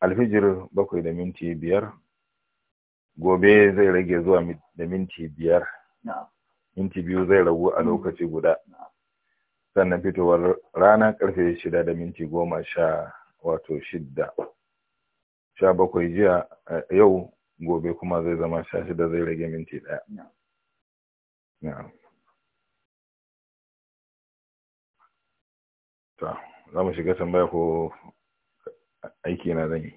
alfijir bakwai da minti biyar gobe zai rage zuwa da minti biyar minti biyu zai ragu a lokaci guda sannan fitowar rana karfe shida da minti goma sha wato shidda sha bakwai jiya yau gobe kuma zai zama sha shida zai rage minti ɗaya za mu shiga tambaya ko aiki na zan yi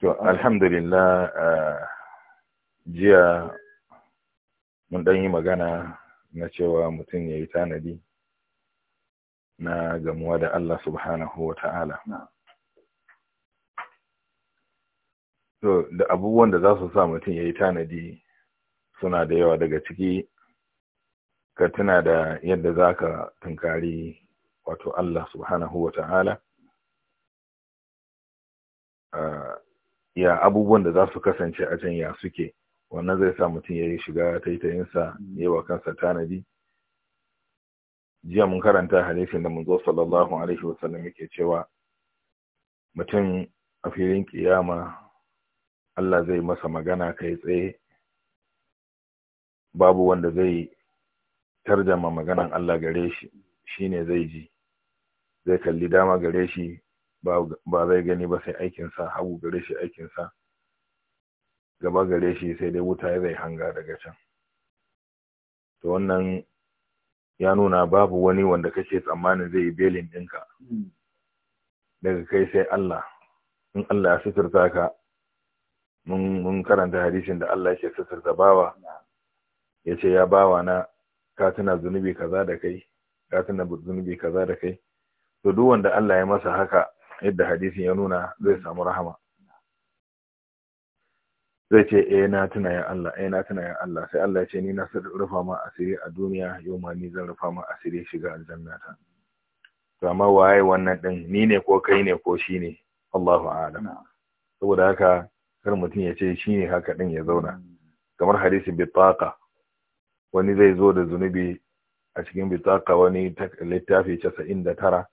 to alhamdulillah jiya mun ɗan yi magana na cewa mutum ya yi tanadi na gamuwa da Allah subhanahu wa ta'ala to da abubuwan da za su sa mutum ya yi tanadi suna da yawa daga ciki ka tuna da yadda za ka tunkari wato Allah subhanahu wa ta'ala ya abubuwan da za su kasance a can ya suke wannan zai sa mutum ya yi shiga ta ta yi taitayinsa ya wa kansa tanadi jiya mun karanta hadisin da mun zo sallallahu alaihi wasallam yake cewa mutum a filin kiyama Allah zai masa magana kai tsaye babu wanda zai tarjama maganan Allah gare shi shine zai ji zai kalli dama gare shi ba zai gani ba sai aikinsa hagu gare shi aikinsa gaba gare shi sai dai wuta ya zai hanga daga can to wannan ya nuna babu wani wanda kake tsammanin zai yi belin ɗinka hmm. daga kai sai Allah in Allah ya suturta ka mun karanta hadisin da Allah yake suturta bawa ya ce ya bawa na ka tuna zunubi kaza da kai ka tuna zunubi kaza da kai to duk wanda Allah ya masa haka yadda hadisin ya nuna zai samu rahama zai ce eh na tuna ya Allah eh na tuna ya Allah sai Allah ya ce ni na rufa ma asiri a duniya yau ma ni zan rufa ma asiri shiga aljanna ta to amma waye wannan din ni ne ko kai ne ko shi ne Allahu a'lam saboda haka kar mutum ya ce shi ne haka din ya zauna hmm. kamar hadisi bitaqa wani zai zo da zunubi a cikin bitaka wani littafi 99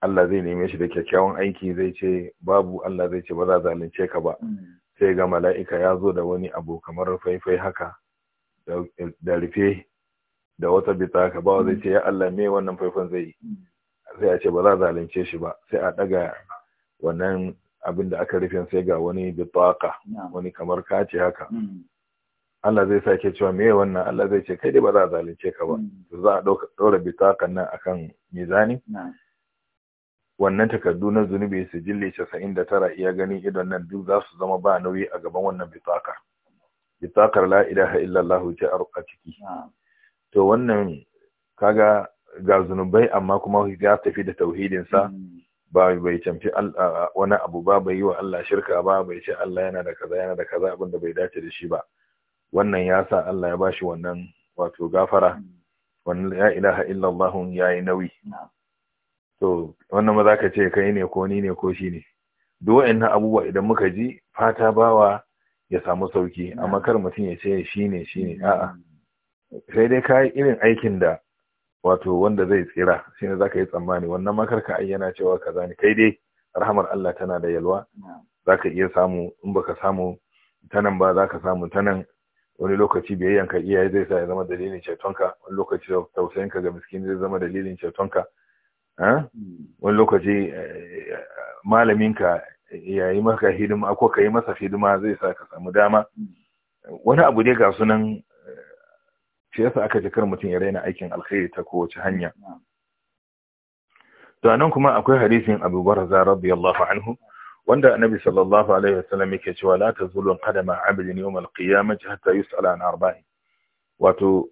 Allah zai neme shi da kyakkyawan aiki zai ce babu Allah zai ce ba za zalunce ka ba hmm. sai ga mala'ika ya zo da wani abu kamar faifai haka da rufe da wata bita ka ba zai hmm. ce ya Allah me wannan faifan zai yi hmm. sai a ce ba za zalunce shi ba sai a daga wannan abin da aka rufe sai ga wani bitaka wani kamar kace haka Allah zai sake cewa me wannan Allah zai ce kai dai ba za zalunce ka ba za a ɗora bitakan nan akan mizani wannan takardu na zunubi su jille casa'in da tara iya gani idon nan duk za su zama ba nauyi a gaban wannan bitaka bitakar la ilaha illallah ce a ciki to wannan kaga ga zunubai amma kuma ya tafi da tauhidinsa hmm. ba bai camfi wani abu ba bai yi wa Allah shirka ba bai ce Allah yana da kaza yana da kaza abin da bai dace da shi ba wannan ya sa Allah ya bashi wannan wato gafara hmm. wannan la ilaha illallah yayi nauyi To wannan ma za ka ce kai ne ko ni ne ko shi ne duk wa'annan abubuwa idan muka ji fata bawa ya samu sauki amma kar mutum ya ce shi ne shi ne a'a sai dai ka yi irin aikin da wato wanda zai tsira shi ne za ka yi tsammani wannan ma kar ka ayyana cewa kaza ne kai dai rahamar Allah tana da yalwa za ka iya samu in baka samu tanan ba za ka samu tanan wani lokaci biyayyanka iyaye zai sa ya zama dalilin cetonka wani lokaci tausayinka ga miskin zai zama dalilin cetonka wani lokaci eh, malaminka ya yi maka hidima ko ka yi masa hidima zai sa ka samu dama wani abu dai ga sunan eh, shi yasa aka ji kar mutum ya raina aikin alkhairi ta kowace hanya to nan kuma akwai hadisin Abu Barza radiyallahu anhu wanda annabi sallallahu alaihi wasallam yake cewa la tazulu qadama abdin yawm alqiyamah hatta yus'ala an arba'in wato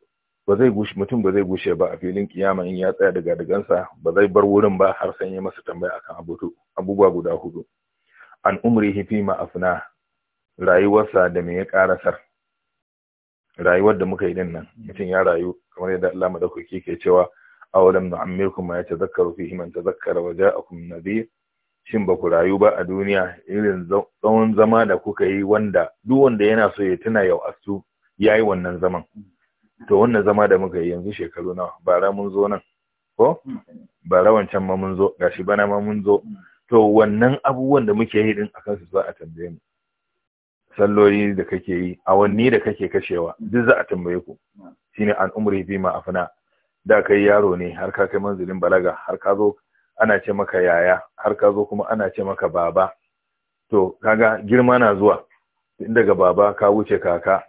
ba zai gushe mutum ba zai gushe ba a filin kiyama in ya tsaya daga dagansa ba zai bar wurin ba har san ya masa tambaya akan abubuwa guda hudu an umri fi ma afna rayuwarsa da me ya sar? rayuwar da muka yi din nan mutum ya rayu kamar yadda Allah madaukaki ke cewa awalam nu'ammirkum ma yatadhakkaru fihi man tadhakkara wa ja'akum nadhir shin ba ku rayu ba a duniya irin tsawon zama da kuka yi wanda duk wanda yana so ya tuna yau asu yayi wannan zaman to wannan zama da muka yi yanzu shekaru nawa bara mun zo nan ko bara wancan ma mun zo gashi bana ma mun zo to wannan abubuwan da muke yi din akan su za a tambaye mu salloli da kake yi awanni da kake kashewa duk za a tambaye ku shine an umri bi ma afna da kai yaro ne har ka kai manzilin balaga har ka zo ana ce maka yaya har ka zo kuma ana ce maka baba to kaga girma na zuwa daga baba ka wuce kaka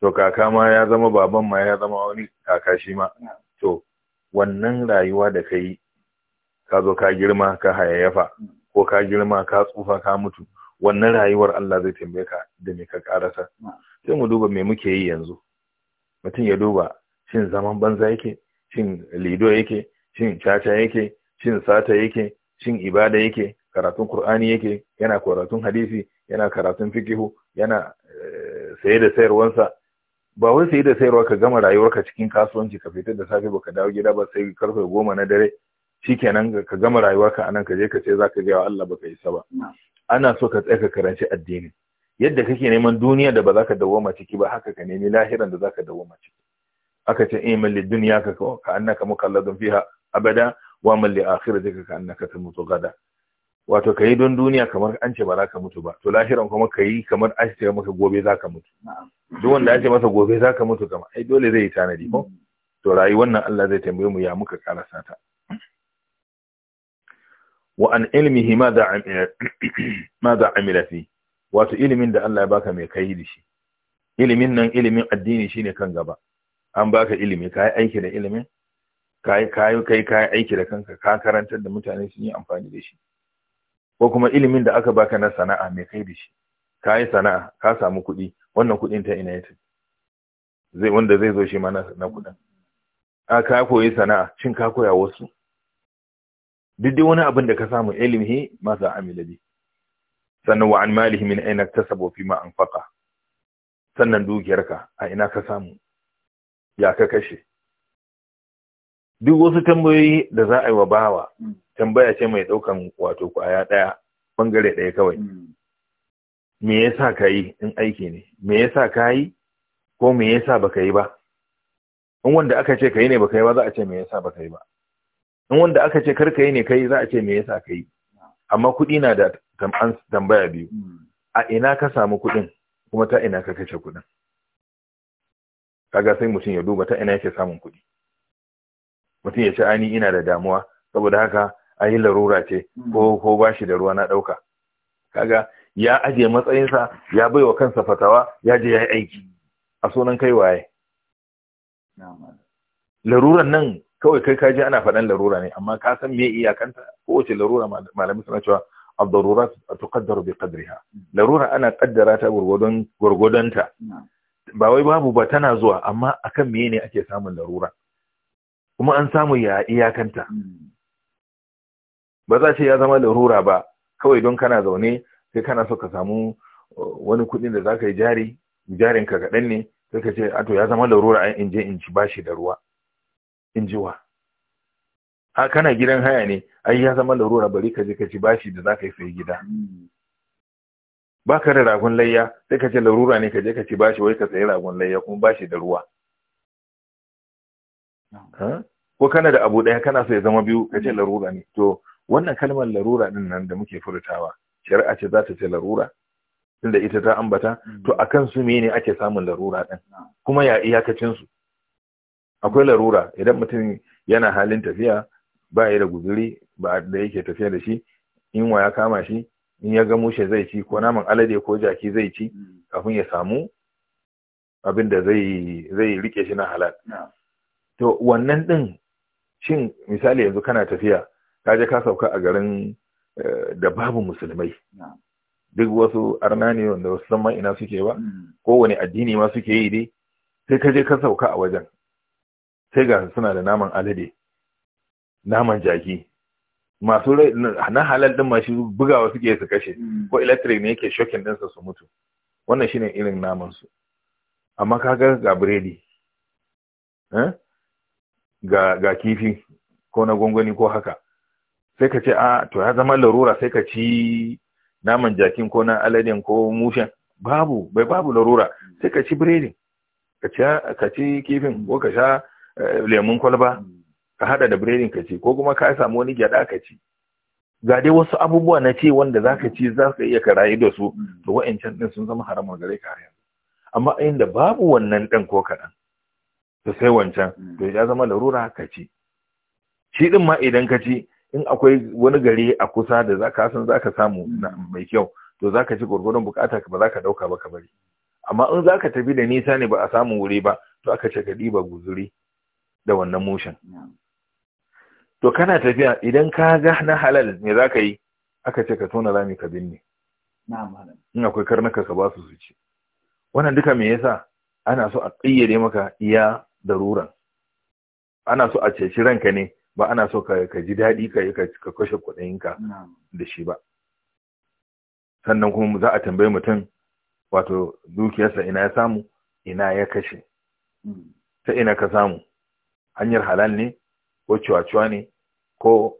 to kaka ma ya zama baban ma ya zama wani kaka shi ma to wannan rayuwa da ka ka zo ka girma ka hayayyafa mm. ko ka girma ka tsufa ka mutu wannan rayuwar Allah zai tambaye ka da me ka karasa sai mu duba me muke yi yanzu mutum ya duba shin zaman banza yake shin lido yake shin caca yake shin sata yake shin ibada yake karatun Kur'ani yake yana karatun hadisi yana karatun fikihu yana eh, saye da sayarwansa ba wai sai da sayarwa ka gama rayuwarka cikin kasuwanci ka fita da safe ba ka dawo gida ba sai karfe goma na dare shikenan ka gama rayuwarka anan ka je ka ce zaka ga Allah baka isa ba ana so ka tsaya ka karanci addini yadda kake neman duniya da ba za ka dawoma ciki ba haka ka nemi lahiran da za ka dawoma ciki aka ce in eh, malli duniya ka ka annaka mukalladun fiha abada wa malli akhirati ka annaka tamutu gada wato ka yi don duniya kamar an ce ba za ka mutu ba to lahiran kuma ka yi kamar an ce maka gobe za ka mutu duk wanda an ce masa gobe za ka mutu kama ai dole zai yi tanadi ko mm. to rayuwar nan Allah zai tambaye mu ya muka karasa sata. wa an ilmihi ma da ma da fi wato ilimin da Allah ya baka mai kai da shi ilimin nan ilimin addini shine kan gaba an baka ilimi kai aiki da ilimin kai kai kai aiki da kanka ka karantar da mutane su yi amfani da shi ko kuma ilimin da aka baka na sana'a mai kai da shi ka yi sana'a ka samu kuɗi wannan kuɗin ta ina yace zai wanda zai zo shi ma na kuɗin a ka koyi sana'a shin ka koya wasu duk dai wani abin da ka samu ilimi ma masa amila bi sannan wa an malihi min aina tasabu fi ma anfaqa sannan dukiyarka a ina ka samu ya ka kashe duk wasu tambayoyi da za a yi wa bawa mm. tambaya ce mai ɗaukan wato kwaya ɗaya bangare ɗaya kawai mm. me yasa ka yi in aiki ne me yasa ka yi ko me yasa baka yi ba in wanda aka ce ka yi ne baka yi ba za a ce me yasa baka yi ba in wanda aka ce kar ka yi ne kai za a ce me yasa ka yi amma kuɗi na da tambaya biyu mm. a ina ka samu kuɗin kuma ta ina ka kashe kuɗin kaga sai mutum ya duba ta ina yake samun kuɗi mutum ya ce ani ina da damuwa saboda haka ayi larura ce ko ko bashi da ruwa na ɗauka. kaga ya aje matsayinsa ya baiwa kansa fatawa ya je ya yi aiki a sunan kai waye laruran nan kawai kai ka kaji ana faɗan larura ne amma ka san me iyakanta kowace larura malamai suna cewa ad-darurat tuqaddaru bi qadriha larura ana kaddara ta gurgudun gurgudanta ba wai babu ba tana zuwa amma akan me ne ake samun larura kuma an samu ya iyakanta hmm. ba za ce ya zama larura ba kawai don kana zaune sai kana so ka samu uh, wani kuɗin da za ka yi jari jarin ka kaɗan ne sai ka ce ato ya zama larura an inje in ci bashi da ruwa in jiwa a kana gidan haya ne ai ya zama larura bari ka je ka ci bashi da za ka yi sai gida hmm. Ba ka da ragon layya sai ka ce larura ne ka je ka ci bashi wai ka sayi ragon layya kuma bashi da ruwa ko kana da abu ɗaya kana so ya zama biyu ka ce mm. larura ne to wannan kalmar larura din nan da muke furtawa shari'a ce za ta ce larura tunda ita ta ambata mm. to akan su mene ake samun larura din mm. kuma ya iyakacin su akwai larura idan mutum yana halin tafiya ba ya da guzuri ba da yake tafiya da shi in wa ya kama shi in ya ga mushe zai ci ko naman alade ko jaki zai ci kafin ya samu abin da zai rike shi na halal to wannan din shin misali yanzu kana tafiya ka je ka sauka a garin eh, da babu musulmai duk wasu arna ne wanda wasu san ina suke ba hmm. Ko wani addini ma suke yi dai sai ka je ka sauka a wajen sai ga suna da naman alade naman jaki masu rai na halal din ma shi bugawa suke su kashe hmm. ko electric ne yake shokin ɗinsa su mutu wannan shine irin namansu. su amma kaga ga biredi eh? ga ga kifi ko na gwangwani ko haka sai ka ce a ah, to ya zama larura sai ka ci naman jakin ko na aladen ko mushen babu bai babu larura sai ka ci biredin ka ci kifin ko ka sha eh, lemon kwalba ka hada da biredin ka ci ko kuma ka samu wani gyada ka ci ga dai wasu abubuwa na ce wanda zaka ci za iya ka rayu da su to wa'ancan din sun zama haramar gare ka yanzu amma inda babu wannan ɗan ko kaɗan to sai wancan mm. to ya zama larura ka ci shi din ma idan ka ci in akwai wani gari a kusa da zaka san zaka samu mm. mai kyau to zaka ci gurgurun bukata ka ba zaka dauka ba ka bari amma in zaka tafi da nisa ne ba a samu wuri ba to aka ce ka diba guzuri da wannan mushin to kana tafiya idan ka ga na halal me zaka yi aka ce ka tona rami ka binne in akwai karnuka ka ba su su ci wannan duka me yasa ana so a ƙayyade maka iya daruran ana so a ceci ranka ne ba ana so ka ji daɗi ka kashe kuɗinka da shi ba sannan kuma za a tambayi mutum wato dukiyarsa ina ya samu ina ya kashe hmm. ta ina ka samu hanyar halal ne ko cuwa-cuwa ne ko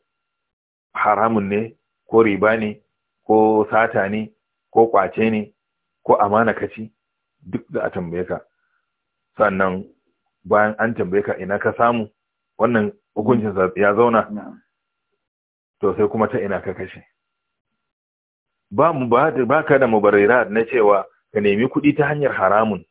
haramun ne ko riba ne ko sata ne ko kwace ne ko amana kaci duk da a tambaye ka sannan bayan an tambaye ka ina ka samu wannan hukuncin ya zauna to sai kuma ta ina ka kashe ba mu ba ka da mubarira na cewa ka nemi kuɗi ta hanyar haramun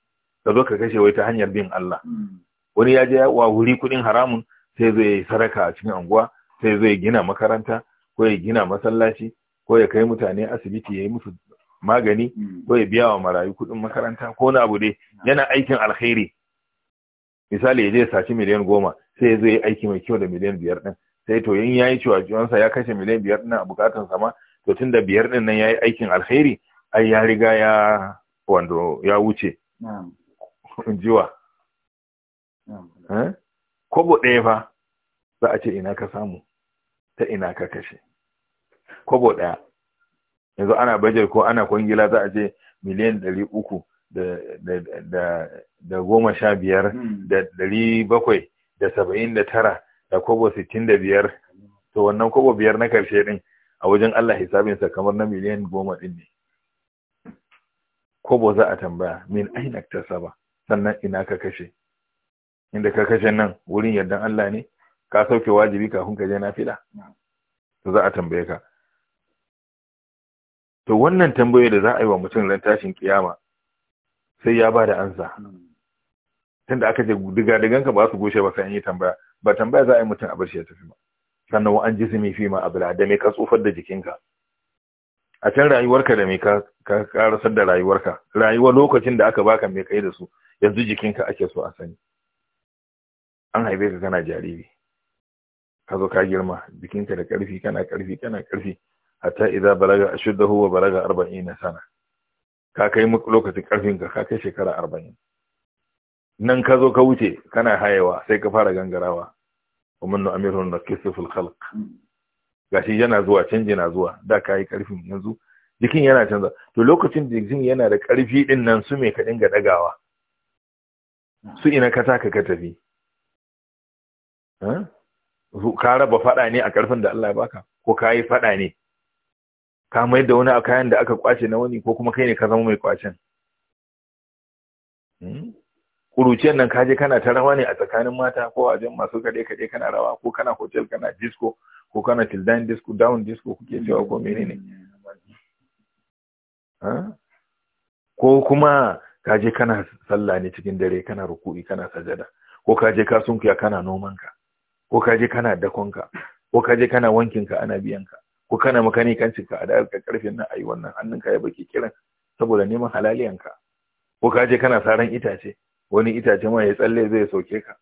ka zo ka kashe wai ta hanyar bin Allah hmm. wani ya je wa wuri kuɗin haramun sai zai yi saraka a cikin anguwa sai zai gina makaranta ko ya gina masallaci ko ya kai mutane asibiti ya yi musu magani hmm. ko ya biya wa marayu kuɗin makaranta ko na abu dai yana aikin alkhairi misali ya je ya saci miliyan goma sai ya zo ya aiki mai kyau da miliyan biyar din sai to in yi cewa juwansa ya kashe miliyan biyar din a bukatun sama to tun da biyar din nan yi aikin alheri ai ya riga ya wando ya wuce jiwa eh? kobo ɗaya fa za a ce ina ka samu ta ina ka kashe kobo ɗaya yanzu ana bajar ko ana kwangila za a ce miliyan ɗari uku da goma sha biyar hmm. da ɗari bakwai da saba'in da tara da kobo sittin da biyar to wannan kobo biyar na karshe ɗin a wajen Allah hisabinsa kamar na miliyan goma ɗin ne kobo za a tambaya min aina ta saba sannan ina ka kashe inda ka kashe nan wurin yardan Allah ne ka sauke wajibi kafin ka je nafila to za a tambaye ka to wannan tambayoyi da za a yi wa mutum ran tashin kiyama sai ya ba da ansa tunda aka ce diga-digan ka ba su goshe ba sai an yi tambaya ba tambaya za a yi mutum a bar shi ya tafi ba sannan wa an jisimi fi ma abla da mai ka tsofar da jikinka a can rayuwarka da me ka karasar da rayuwarka rayuwar lokacin da aka baka mai kai da su yanzu jikinka ake so a sani an haife ka kana jariri ka zo ka girma jikinka da karfi kana karfi kana karfi hatta idza balaga ashuddahu wa balaga na sana ka kai lokacin karfin ka kai shekara arba'in nan ka zo ka wuce kana hayewa sai ka fara gangarawa umar na amirun na kisiful khalq gashi yana zuwa canji na zuwa da ka yi karfin yanzu jikin yana canza to lokacin jikin yana da karfi din nan su me ka dinga dagawa su ina ka taka ka tafi ka raba fada ne a karfin da Allah ya baka ko ka yi fada ne ka mai da wani a kayan da aka kwace na wani ko kuma kai ne ka zama mai kwacen kuruciyar hmm? nan kaje kana ta rawa ne a tsakanin mata ko a jan masu kaɗe kaɗe kana rawa ko kana hotel kana disco ko kana tildan disco down disco kuke cewa ko menene ko kuma kaje kana sallah ne cikin dare kana ruku'i kana sajada ko kaje ka sunkuya kana nomanka ko kaje kana dakonka ko kaje kana wankinka ana biyanka ko kana makanikancin ka a da ka karfin nan ayi wannan hannun ka ya baki kiran saboda neman halaliyan ka ko ka je kana saran itace wani itace ma ya tsalle zai soke ka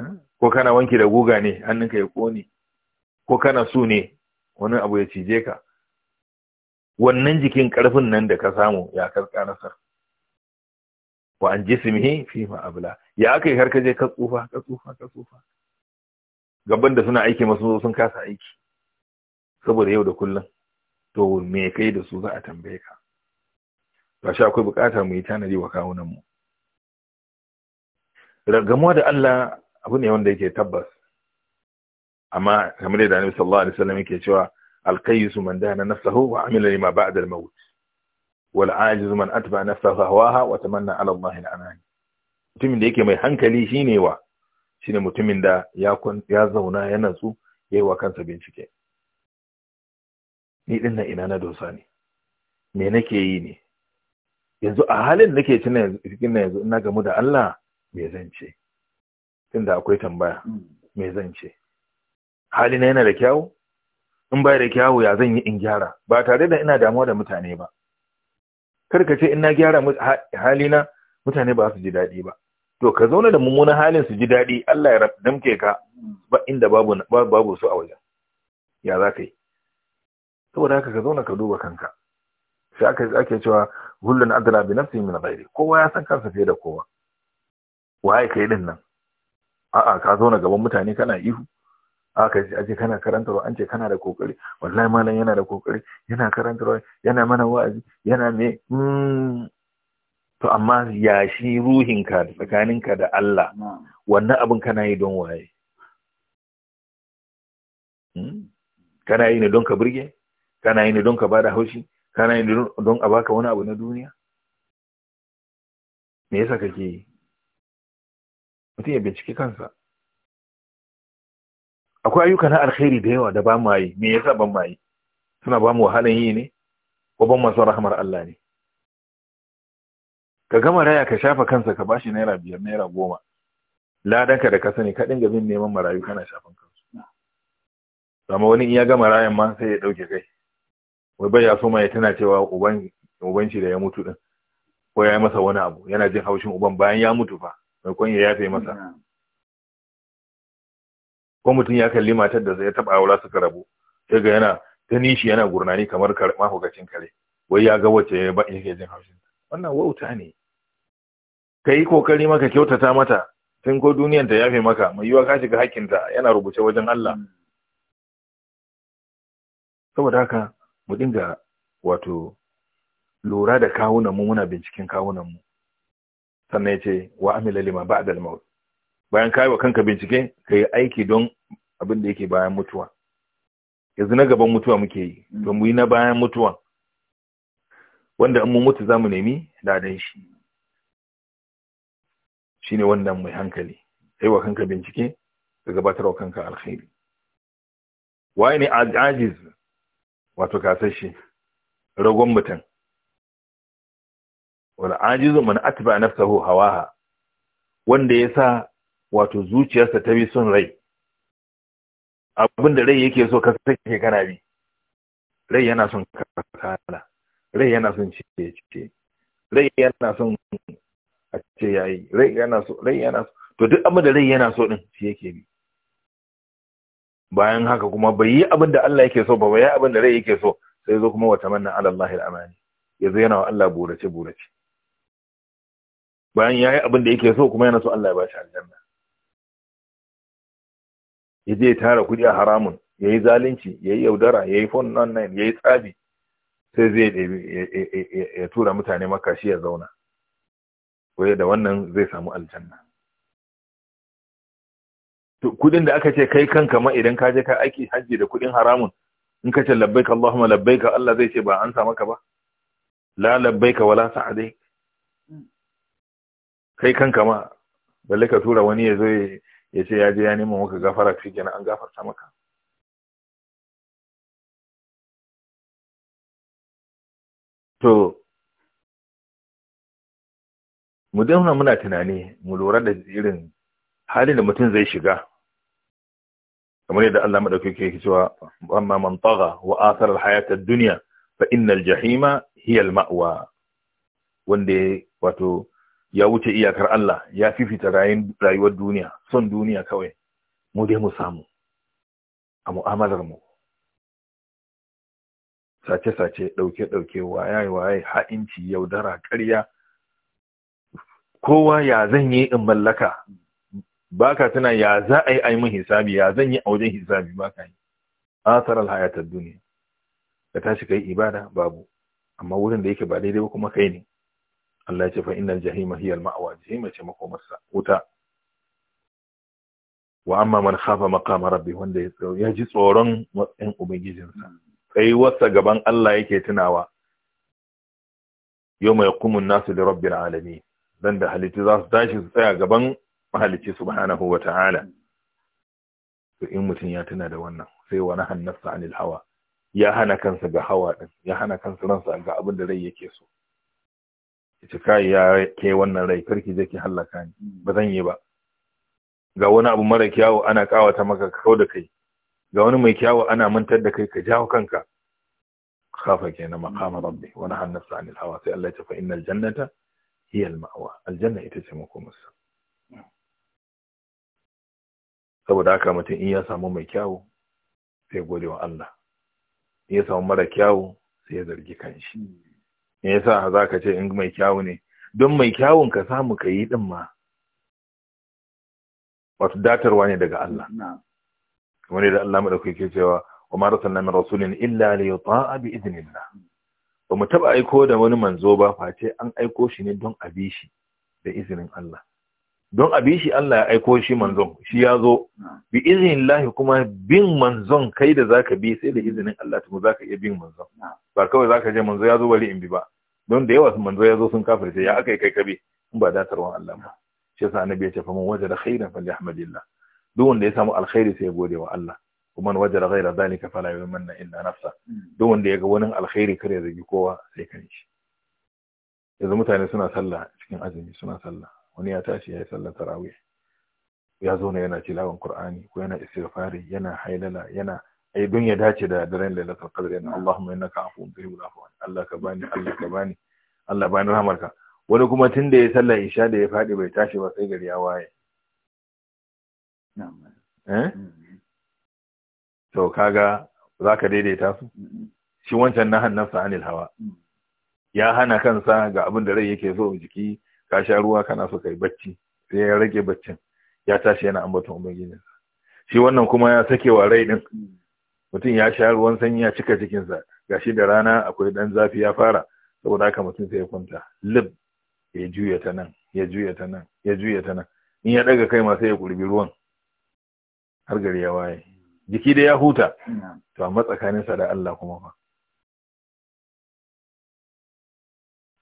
ah, ko kana wanki da guga ne hannun ka ya kone ko kana su ne wani abu ya cije ka wannan jikin karfin nan da ka samu ya karka nasar wa an jismihi fi ma abla ya aka har ka je ka tsufa ka tsufa ka tsufa gaban da suna aiki masu sun kasa aiki saboda yau da kullum to me kai da su za a tambaye ka ba shi akwai bukatar mu yi tanadi wa kawunan mu ragamuwa da Allah abu ne wanda yake tabbas amma kamar da Annabi sallallahu alaihi wasallam yake cewa al-qayyisu man dana nafsahu wa amila lima ba'da al-maut wal ajizu man atba nafsahu hawaha wa tamanna ala Allah al-anani mutumin da yake mai hankali shine wa shine mutumin da ya ya zauna ya natsu yayi wa kansa bincike ni din nan ina na dosa ne me nake yi ne yanzu a halin nake cikin na yanzu ina gamu da Allah me zan ce tunda akwai tambaya me zan ce hali na yana da kyawu in bai da kyawu ya zan yi in gyara ba tare da ina damuwa da mutane ba karka ce ina gyara hali na mutane ba su ji daɗi ba to ka zauna da mummunan halin su ji daɗi Allah ya damke ka ba inda babu babu su a wajen ya za ka yi saboda haka ka zauna ka duba kanka sai aka ake cewa hullun adra bi nafsi min ghairi kowa ya san kansa fiye da kowa waye kai din nan a'a ka zauna gaban mutane kana ihu aka ji aje kana karantarwa an ce kana da kokari wallahi malam yana da kokari yana karantarwa yana mana wa'azi yana me mm. to amma yashi ruhin ka tsakanin ka da Allah wannan abin kana yi don waye hmm? kana yi ne don ka burge kana yi ne don ka bada haushi kana yi don a baka wani abu na duniya me yasa kake yi mutum ya binciki kansa akwai ayyuka na alkhairi da yawa da ba mu yi me yasa ban ma yi suna ba mu wahalan yi ne ko ban masu rahmar Allah ne ka gama raya ka shafa kansa ka bashi naira biyar naira goma ladanka da ka sani ka dinga bin neman marayu kana shafan kansu amma wani in ya gama rayan ma sai ya dauke kai wai bai ya so ya tana cewa uban da ya mutu din ko ya yi masa wani abu yana jin haushin uban bayan ya mutu fa mai maimakon ya yafe masa ko mutum ya kalli matar da zai taba aura suka rabu sai ga yana gani shi yana gurnani kamar mahaukacin kare wai ya ga wacce ya yake jin haushin wannan wauta ne ka yi kokari maka kyautata mata tun ko duniyan ta yafe maka mai yiwa ka shiga hakkinta yana rubuce wajen Allah mm. saboda haka mu dinga wato lura da kawunan mu muna binciken kawunan mu sannan ya ce wa amila lima ba'da al-maut bayan kai wa kanka bincike kai aiki don abin da yake bayan mutuwa yanzu na gaban mutuwa muke yi to mu yi na bayan mutuwa wanda in mu mutu zamu nemi ladan shi shine wannan mai hankali kai wa kanka bincike ka gabatar wa kanka alkhairi waye ne ajiz wato kasashe ragon mutum wani ajizu atiba na nafsahu hawaha wanda ya sa wato zuciyarsa ta bi son rai abinda rai yake so ka sake kana bi rai yana son kasala rai yana son ciye ciye rai yana son a ce yayi rai yana so rai yana so to duk abinda rai yana so din shi yake bi bayan haka kuma bai yi abin da Allah yake so ba bai yi abin da rai yake so sai zo kuma wata manna ala Allahil ya zo yana wa Allah burace burace bayan yayi abin da yake so kuma yana so Allah ya bashi aljanna yaje ya tara kudi a haramun yayi zalunci yayi yaudara yayi nan ya yayi tsabi sai zai ya tura mutane makashi ya zauna waye da wannan zai samu aljanna kudin da aka ce kai kanka ma idan ka je ka aiki hajji da kudin haramun in ka ce labbaika Allahumma labbaika Allah zai ce ba an sa maka ba la labbaika wala sa'adai kai kanka ma balle ka tura wani ya zo ya ce ya je ya nemo maka gafara shi kenan an gafarta maka to mu dauna muna tunani mu lura da irin halin da mutum zai shiga kamar yadda Allah madaukake yake cewa amma man tagha wa athara al-hayata ad-dunya fa innal jahima hiya al-ma'wa wanda wato ya wuce iyakar Allah ya fifita rayuwar duniya son duniya kawai mu dai mu samu a mu'amalar mu sace-sace ɗauke-ɗauke waye-waye ha'inci yaudara ƙarya kowa ya zan yi in mallaka baka tana ya za a yi a hisabi ya zan yi a wajen hisabi ka yi Asarar hayatar duniya ka tashi yi ibada babu amma wurin da yake ba daidai ba kuma kai ne Allah ya ce fa innal jahima hiya al jahima ce makomarsa wuta wa amma man khafa maqama rabbi wanda ya ji tsoron matsayin ubangijinsa sai wasa gaban Allah yake tunawa yau mai kumun nasu da rabbin alami. dan da halittu za su tashi su tsaya gaban mahalicci subhanahu wa ta'ala to in mutum ya tuna da wannan sai wa nahan nafsa anil hawa ya hana kansa ga hawa din ya hana kansa ransa ga abin da rai yake so yace kai ya ke wannan rai karki je ki hallaka ni ba zan yi ba ga wani abu mara kyawu ana kawata maka kawo da kai ga wani mai kyawu ana mantar da kai ka jawo kanka khafa kenan maqama rabbi wa nahan nafsa anil hawa sai Allah ya ce fa innal jannata hiya al ma'wa aljanna ita ce makomarsa saboda haka mutum in ya samu mai kyawu sai gode wa Allah in ya samu mara kyawu sai ya zargi kanshi me yasa za ka ce in mai kyawu ne don mai kyawun ka samu ka yi din ma wato datarwa ne daga Allah kamar da Allah madaukaki ke cewa wa ma rasulna min rasulin illa li yuta'a bi idnillah ba mu taɓa aiko da wani manzo ba face an aiko shi ne don a bi shi da izinin Allah don abi shi Allah ya aiko shi manzon shi ya zo bi izinin lahi kuma bin manzon kai da zaka bi sai da izinin Allah tukun zaka iya bin manzon ba kawai zaka je manzo ya zo bari in bi ba don da yawa manzo ya zo sun kafirce ya aka kai kabi in ba datarwan Allah ba shi yasa annabi ya ce faman wajada khairan lihamdillah duk wanda ya samu alkhairi sai ya gode wa Allah kuma wajada ghaira zalika fala yumanna illa nafsa duk wanda ya ga wani alkhairi kare zagi kowa sai kan shi yanzu mutane suna sallah cikin azumi suna sallah wani ya tashi ya yi sallar tarawih ya zo ne yana tilawan qur'ani ko yana istighfari yana hailala yana ai eh, don ya dace da daren lailatul qadr yana Allahumma innaka afuwun tuhibbul afwa Allah ka bani Allah ka bani Allah bani rahmarka wani kuma tun da ya sallar isha da ya faɗi bai tashi ba sai gari ya waye eh mm-hmm. to kaga zaka daidaita su mm-hmm. shi wancan na hannansa anil hawa mm-hmm. ya hana kansa ga abin da rai yake so jiki ka sha ruwa kana so kai bacci sai ya rage baccin ya tashi yana ambaton ubangiji shi wannan kuma ya sake wa rai din mutum ya sha ruwan sanyi ya cika jikinsa gashi da rana akwai dan zafi ya fara saboda haka mutum sai ya kwanta lib ya juya ta nan ya juya ta nan ya juya ta nan in ya daga kai ma sai ya kurbi ruwan har gari ya waye jiki da ya huta to amma tsakaninsa da Allah kuma fa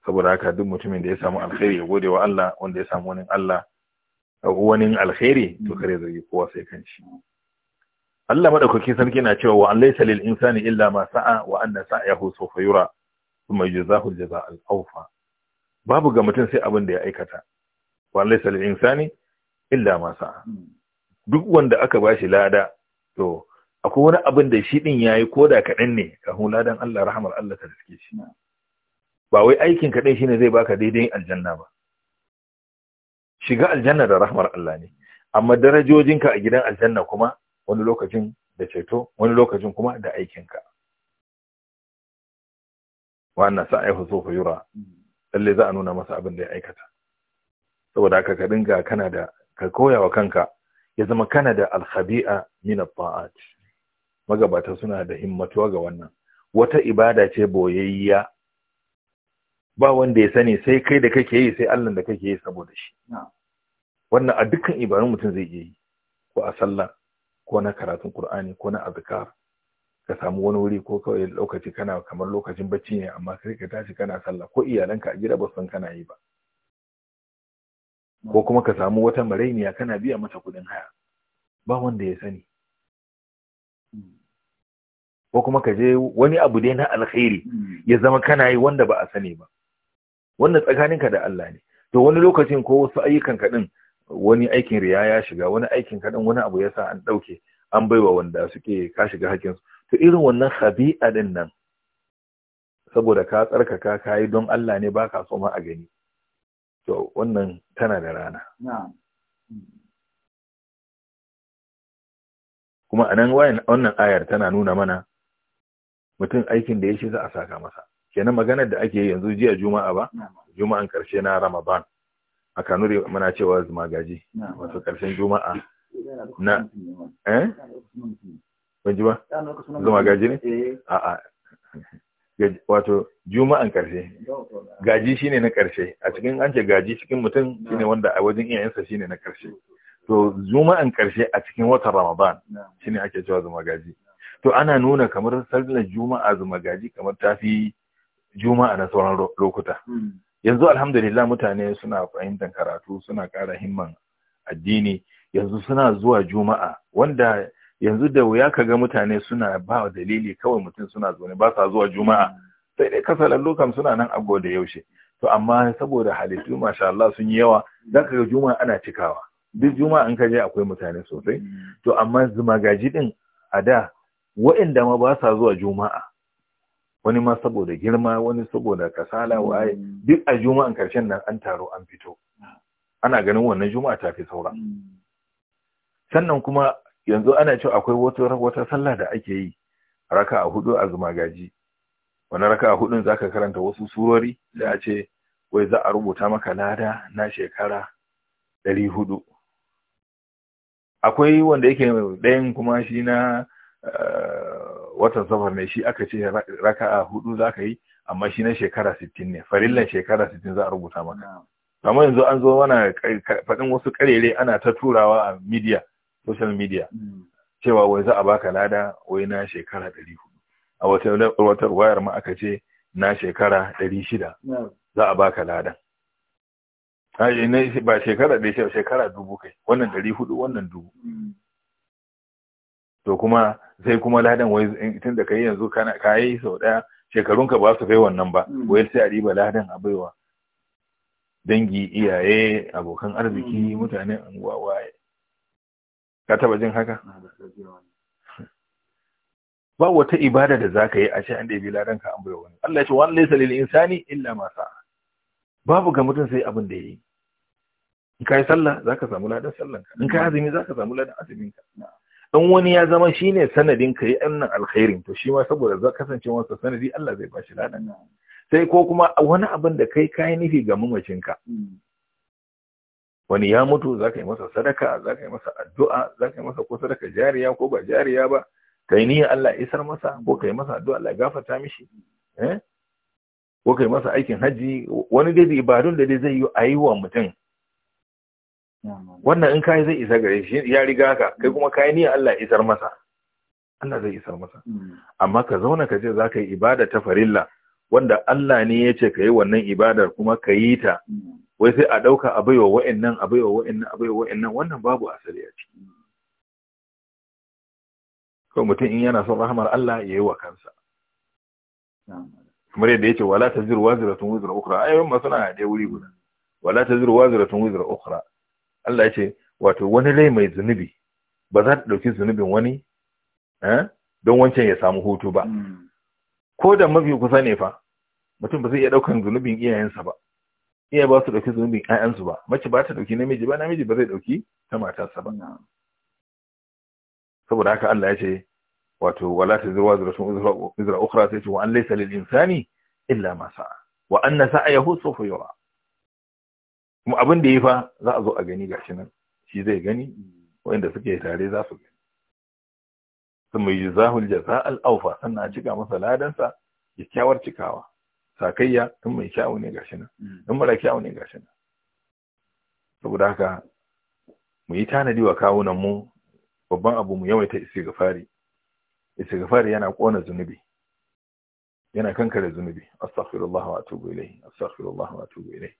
saboda haka duk mutumin da ya samu alkhairi ya gode wa Allah wanda ya samu wani Allah wani alkhairi to kare zargi kowa sai kanci Allah madaukakin sarki na cewa wa an laysa lil insani illa ma sa'a wa anna sa'yahu sawfa yura kuma jazahu jazaa al awfa babu ga mutum sai abin da ya aikata wa an laysa lil insani illa ma sa'a duk wanda aka bashi lada to akwai wani abin da shi din yayi koda kaɗan ne ka kafin ladan Allah rahmar Allah ta riske shi ba wai aikin kaɗai ne zai baka daidai aljanna ba shiga aljanna da rahmar Allah ne amma darajojinka a gidan aljanna kuma wani lokacin da ceto wani lokacin kuma da aikinka wannan sa aihu so yura lalle za a nuna masa abin da ya aikata saboda haka ka dinga kana da ka koya wa kanka ya zama kana da alkhabi'a min at magabata suna da himmatuwa ga wannan wata ibada ce boyayya ba wanda ya sani sai kai da kake yi sai Allah da kake yi saboda shi wannan a dukkan ibarun mutum zai yi ko a sallah ko na karatun Qur'ani ko na azkar ka samu wani wuri ko kawai lokaci kana kamar lokacin bacci ne amma sai ka tashi kana sallah ko iyalanka a gida ba san kana yi ba ko kuma ka samu wata marainiya kana biya mata kuɗin haya ba wanda ya sani ko kuma ka je wani abu dai na alkhairi hmm. ya zama kana yi wanda ba a sani ba wannan tsakaninka da Allah ne to wani lokacin ko wasu ayyukan ka din wani aikin riya ya shiga wani aikin ka din wani abu ya sa an dauke an baiwa wanda suke ka shiga hakkin to irin wannan khabi'a din nan saboda ka tsarkaka kai don Allah ne baka so ma a gani to wannan tana da rana kuma anan wannan ayar tana nuna mana mutum aikin da ya shi za a saka masa kenan maganar da ake yanzu jiya juma'a ba juma'an karshe na ramadan a kanuri muna cewa magaji wato karshen juma'a na eh ban ji ba zuma eh. gaji ne a a wato juma'an karshe gaji shine na karshe a cikin an ce gaji cikin mutum shine wanda a wajen iyayensa shine na karshe to juma'an karshe a cikin watan ramadan shine ake cewa zuma gaji to ana nuna kamar sallar juma'a zuma gaji kamar tafi juma'a na sauran lokuta hmm. yanzu alhamdulillah mutane suna fahimtar karatu suna ƙara himman addini yanzu suna zuwa juma'a wanda yanzu da wuya ka ga mutane suna ba dalili kawai mutum suna zaune ba sa zuwa juma'a hmm. sai dai kasalan lokam suna nan abu da yaushe to amma saboda halittu masha Allah sun yi yawa zaka ga juma'a ana cikawa duk juma'a in ka je akwai mutane sosai hmm. to amma zuma gaji din a da waɗanda ma ba sa zuwa juma'a wani ma saboda girma wani saboda kasala hmm. waye duk a juma'an karshen nan an taro an fito ana ganin wannan juma'a ta fi saura hmm. sannan kuma yanzu ana cewa akwai wata wata sallah da ake yi raka a hudu a gaji. wani raka a hudun zaka karanta wasu surori da a ce wai za a rubuta maka lada na shekara ɗari hudu akwai wanda yake ɗayan kuma shi na eh, watan safar ne shi aka ce raka'a hudu za ka yi amma shi na shekara sittin ne farillan shekara sittin za a rubuta maka amma yanzu an zo mana faɗin wasu karere ana ta turawa a media social media mm. cewa wai za a baka lada wai na shekara ɗari hudu a wata wayar ma aka ce na shekara ɗari shida za a baka lada ba shekara ɗaya shekara dubu kai wannan ɗari hudu wannan dubu mm. to kuma sai kuma ladan wai tun da kai yanzu ka yi sau ɗaya shekarunka ba su kai wannan ba mm. wai sai a riba ladan a baiwa dangi iyaye abokan arziki mm. mutane, anguwa waye ka taba jin haka ba wata ibada da zaka yi a ce an ɗebi ladan ka an baiwa wani Allah ya ce wani laysa lil insani illa ma sa'a babu ga mutum sai abin da yi. in kai sallah zaka samu ladan sallanka in kai mm. azumi zaka samu ladan azuminka na'am in wani ya zama shi ne sanadin ka yi annan alkhairin to shi ma saboda za kasance kasancewarsa sanadi Allah zai bashi ladan sai ko kuma wani abin da kai kayi nufi ga mamacin ka. wani ya mutu za ka yi masa sadaka za ka yi masa addu'a za ka yi masa ko sadaka jariya ko ba jariya ba ka yi niyyar Allah isar masa ko ka yi masa addu'a Allah gafarta mishi eh? ko ka yi masa aikin hajji wani dai da ibadun da dai zai yi a yi wa mutum wannan in kayi zai isa gare shi ya riga ka kai kuma kayi ni Allah isar masa Allah zai isar masa amma ka zauna ka ce za ka yi ibada ta farilla wanda Allah ne ya ce ka yi wannan ibadar kuma ka yi ta wai sai a ɗauka a baiwa wa'annan a baiwa wa'annan a baiwa wa'annan wannan babu asali a ciki ko mutum in yana son rahmar Allah ya yi wa kansa kamar yadda ya ce wala ta zira waziratun wizira ukra ayoyin masu na da wuri guda wala ta zira waziratun wizira ukra Allah ya ce wato wani rai mai zunubi ba za ta ɗauki zunubin wani eh, don wancan ya samu hutu ba hmm. ko da mafi kusa ne fa mutum ba zai iya ɗaukan zunubin iyayensa ba iya ba su ɗauki zunubin ƴaƴansu ba mace ba ta ɗauki namiji ba namiji ba zai ɗauki ta matarsa ba saboda haka Allah ya ce wato wala ta zuwa wazratun uzra ukhra sai ce wa an laysa lil insani illa ma sa'a wa anna sa'ayahu sawfa yura kuma abin da ya fa za a zo a gani gashi nan shi zai gani wanda suke tare za su gani sun mai jazahul jaza al'aufa sannan a cika masa ladansa kyakkyawar cikawa sakayya in mai kyawu ne gashi nan mm. in mara kyawu ne gashi nan saboda haka mu yi tanadi wa kawunan mu babban abu mu yawaita istighfari istighfari yana kona zunubi yana kankare zunubi astaghfirullah wa atubu ilayhi astaghfirullah wa atubu ilayhi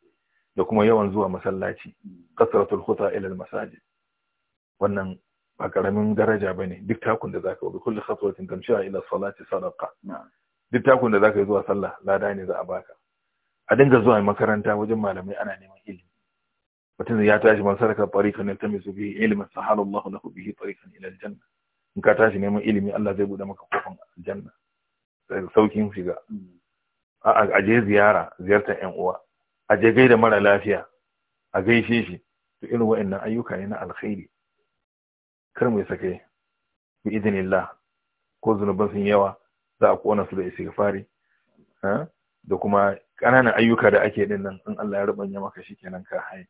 da kuma yawan zuwa masallaci kasaratul khuta ila al masajid wannan ba karamin daraja bane duk takun da zaka yi kullu khatwatin tamshiha ila salati sadaqa duk takun da zaka yi zuwa sallah lada ne za a baka a dinga zuwa makaranta wajen malamai ana neman ilimi mutum ya tashi man saraka tariqan yaltamisu bihi ilman sahala Allahu lahu bihi tariqan ila al janna in ka tashi neman ilimi Allah zai bude maka kofin aljanna saukin shiga mm. a je ziyara ziyartar yan uwa a je gaida mara lafiya a gaishe shi to irin wa'annan ayyuka ne na alkhairi kar mu sake bi idinillah ko zunuban sun yawa za a kona su da istighfari da kuma ƙananan ayyuka da ake din nan in Allah ya rubanya maka shikenan ka hai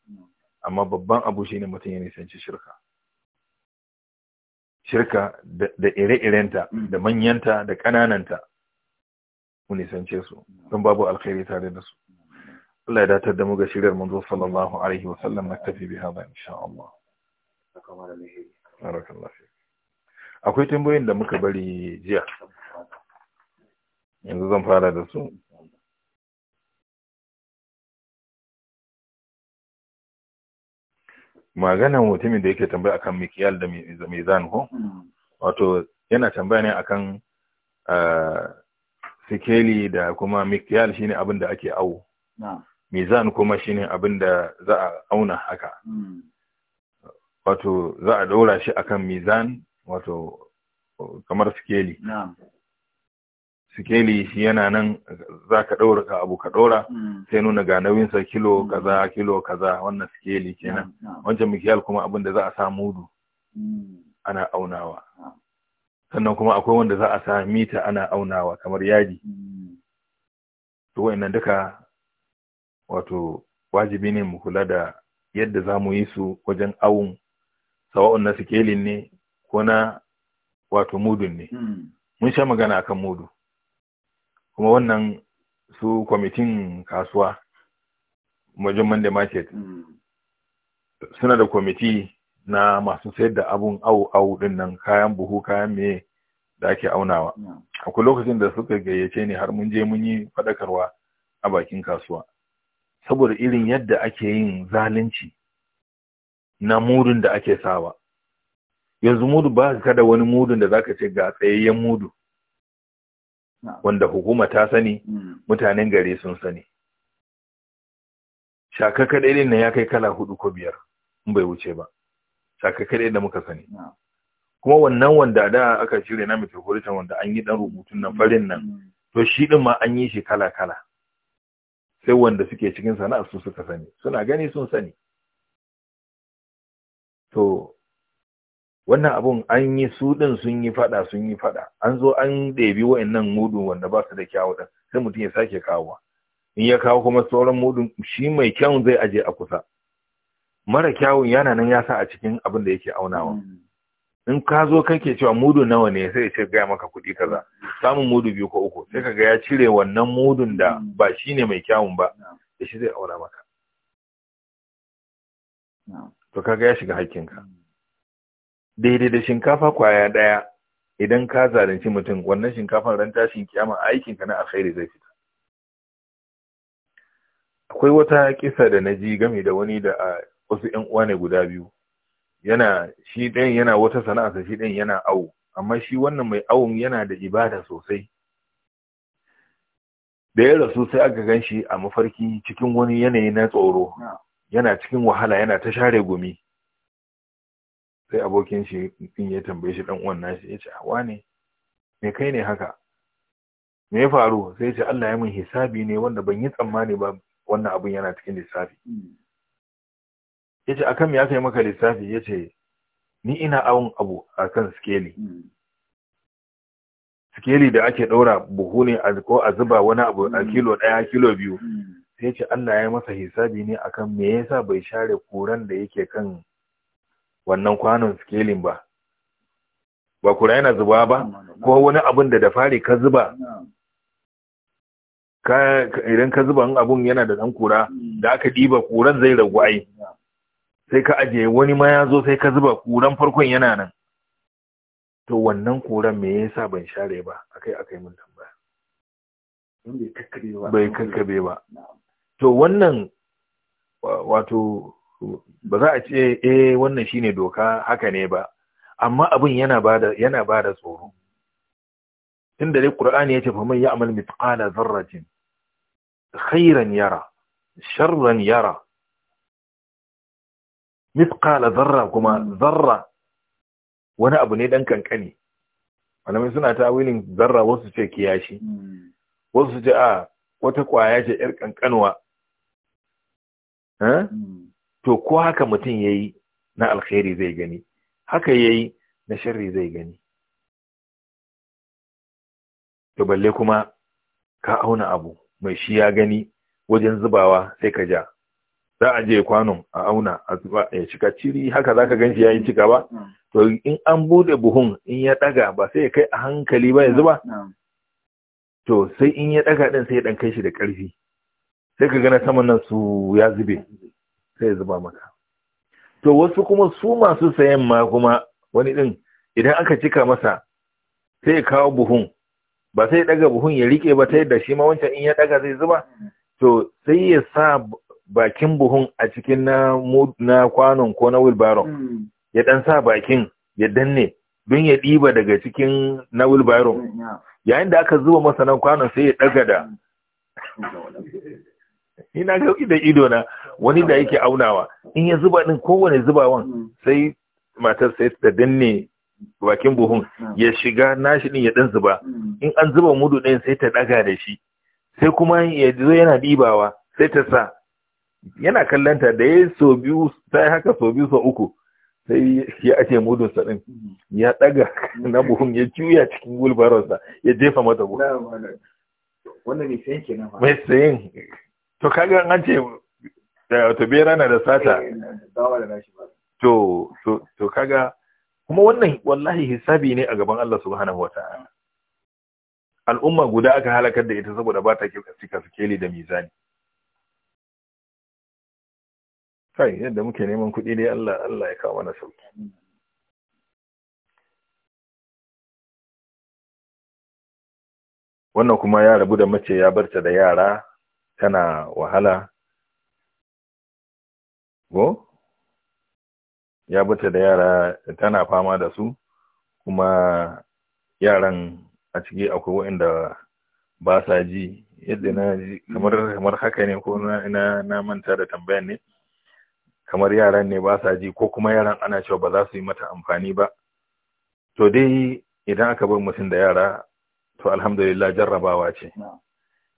amma babban abu shine mutum ya nisanci shirka shirka da ire-irenta da manyanta da ƙanananta mu nisance su don babu alkhairi tare da su Allah ya datar da mu ga shirin manzo sallallahu alaihi wa sallam naktafi bi hada insha Allah barakallahu fi akwai tambayoyin da muka bari jiya yanzu zan fara da su maganan mutumin da yake tambaya akan mikiyal da mizan ko wato yana tambaya ne akan ah, sikeli da kuma mikiyal shine abin da ake awo mizan kuma shine abin da za a auna haka wato za a ɗora shi akan mizan wato kamar sikeli sikeli shi yana nan za ka daura ka abu ka daura mm. sai nuna ga nauyinsa kilo mm. kaza kilo kaza wannan sikeli kenan wancan mikiyal kuma abin da za a sa mudu mm. ana aunawa sannan kuma akwai wanda za a sa mita ana aunawa kamar yadi to wayannan duka wato wajibi ne mu kula da yadda za mu yi su wajen awun sawa'un na sikelin ne ko na wato mudun ne hmm. mun sha magana akan mudu kuma wannan su kwamitin kasuwa wajen monday market hmm. suna da kwamiti na masu sayar da abun awu awu din nan kayan buhu kayan meye da ake aunawa hmm. akwai lokacin da suka gayyace ni har mun je mun yi faɗakarwa a bakin kasuwa saboda irin yadda ake yin zalunci na mudun da ake sawa yanzu mudu ba ka da wani mudun da zaka ce ga tsayayyen mudu wanda hukuma ta sani mm. mutanen gari sun sani shaka kadai din ya kai kala hudu ko biyar in bai wuce ba shaka kadai da muka sani kuma wannan wanda da aka shirya na metropolitan wanda an yi dan rubutun nan farin nan mm. to shi din ma an yi shi kala kala sai wanda suke cikin sana'ar su suka sani suna gani sun sani to wannan abun an yi su din sun yi fada sun yi fada an zo an ɗebi wa'annan mudu wanda ba su da kyawu din sai mutum ya sake kawowa in ya kawo kuma sauran mudu shi mai kyawun zai aje a kusa mara kyawun yana nan ya sa a cikin abin da yake aunawa mm. in ka zo kake cewa mudu nawa ne sai ce gaya maka kuɗi kaza samun mudu biyu ko uku sai kaga ya cire wannan mudun da ba shine mai kyawun ba da shi zai aura maka to kaga ya shiga hakkinka daidai da shinkafa kwaya ɗaya idan ka zalunci mutum wannan shinkafan ran tashin kiyama aikinka na alkhairi zai fita akwai wata kisa da na ji game da wani da wasu 'yan uwa ne guda biyu yana shi ɗayan yana wata sana'arsa shi ɗayan yana awo amma shi wannan mai awon yana da ibada sosai da ya rasu sai aka gan shi a mafarki cikin wani yanayi na tsoro yana cikin wahala yana ta share gumi sai abokin shi in ya tambaye shi dan uwan nashi ya ce "A ne me kai ne haka me ya faru sai ya ce Allah ya min hisabi ne wanda ban yi tsammani ba wannan abun yana cikin lissafi ya ce akan ya kai maka lissafi ya ce ni ina awon abu akan skeli skeli da ake ɗaura buhu ne ko a zuba wani abu a mm. kilo ɗaya kilo biyu mm. sai ce Allah ya masa hisabi ne akan me yasa bai share kuran da yake kan wannan kwanon skelin ba ba kura yana zuba ba ko wani abun da da fari ka zuba idan ka zuba abun yana da ɗan kura mm. da aka ɗiba kuran zai ragu ai sai ka ajiye wani ma ya zo sai ka zuba kuran farkon yana nan to wannan kuran me yasa ban share ba akai akai mun tambaya bai kakkabe ba to wannan wato ba za a ce eh wannan shine doka haka ne ba amma abin yana bada yana bada tsoro inda dai qur'ani yace fa man ya'mal mithqala dharratin khairan yara sharran yara mithqala zarra kuma hmm. zarra wani abu ne dan kankani malamai suna tawilin zarra wasu ce kiyashi hmm. wasu ce a ah, wata kwaya ce yar kankanwa eh? hmm. to ko haka mutum yayi na alkhairi zai gani haka yayi na sharri zai gani to balle kuma ka auna abu mai shi ya gani wajen zubawa sai ka ja za a je kwanon a auna a zuba ya cika ciri haka za ka ganshi yayin cika ba mm. to in an bude buhun in ya daga ba sai ya kai a hankali ba yanzu mm. ba mm. to sai in ya daga din sai ya dan kai shi da karfi sai ka gana saman nan su ya zube sai ya zuba maka to wasu kuma su masu sayan ma kuma wani din idan aka cika masa sai ya kawo buhun ba sai ya daga buhun ya rike ba ta yadda shi ma wancan in ya daga zai zuba to sai ya sa bakin buhun a cikin na na kwanon ko na wilbaron hmm. ya dan sa bakin ya danne don ya ɗiba daga cikin na wilbaron hmm, yayin da aka zuba masa na kwanon sai ya ɗaga da hmm. ina ga ido ido na wani da yake aunawa in ya zuba din kowane zubawan sai matar sai ta danne bakin buhun ya shiga nashi din ya dan zuba in an zuba mudu din sai ta daga da shi sai kuma ya zo yana dibawa sai ta sa yana kallanta da ya so biyu ta yi haka so biyu so uku sai ya ajiye mudun ɗin ya ɗaga na buhun ya juya cikin gulbararsa ya jefa mata buhun wannan mai sayin kenan ba mai sayin to kaga an ce to bera na da sata eh, to to to kaga kuma wannan wallahi hisabi ne a gaban Allah subhanahu wataala al'umma guda aka halakar da ita saboda ba ta cika sikeli da mizani kai yadda muke neman kuɗi ne, Allah Allah ya kawo mana sauki wannan kuma ya rabu da mace ya barta da yara tana wahala go ya barta da yara tana fama da su kuma yaran a ciki akwai waɗanda ba sa ji yadda na ji kamar haka ne ko na na manta da tambayan ne kamar yaran ne ba sa ji ko kuma yaran ana cewa ba za su yi mata amfani ba to dai idan aka bar mutum da yara to alhamdulillah jarrabawa ce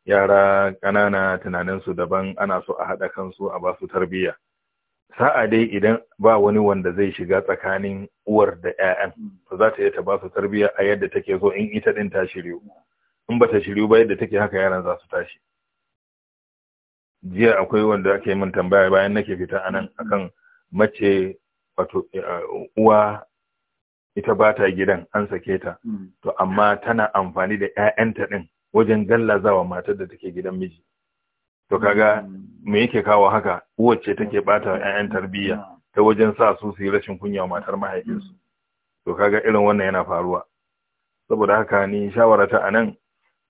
yara ƙanana tunaninsu daban ana so a haɗa kansu a ba su tarbiyya sa'a dai idan ba wani wanda zai shiga tsakanin uwar da 'ya'yan ba hmm. za ta iya ta ba su tarbiyya a yadda take so in ita ɗin ta shiryu in ba ta shiryu ba yadda take haka yaran za su tashi jiya akwai wanda ake min tambaya bayan nake fita anan mm-hmm. akan mace wato eh, uwa ita ba ta gidan an sake ta mm-hmm. to amma tana amfani da 'ya'yanta din wajen gallazawa matar da take gidan miji to kaga mm-hmm. me yake kawo haka uwar ce take bata 'ya'yan tarbiyya ta wajen sa su su yi rashin kunya wa matar mahaifinsu to kaga irin wannan yana faruwa saboda haka ni shawara anan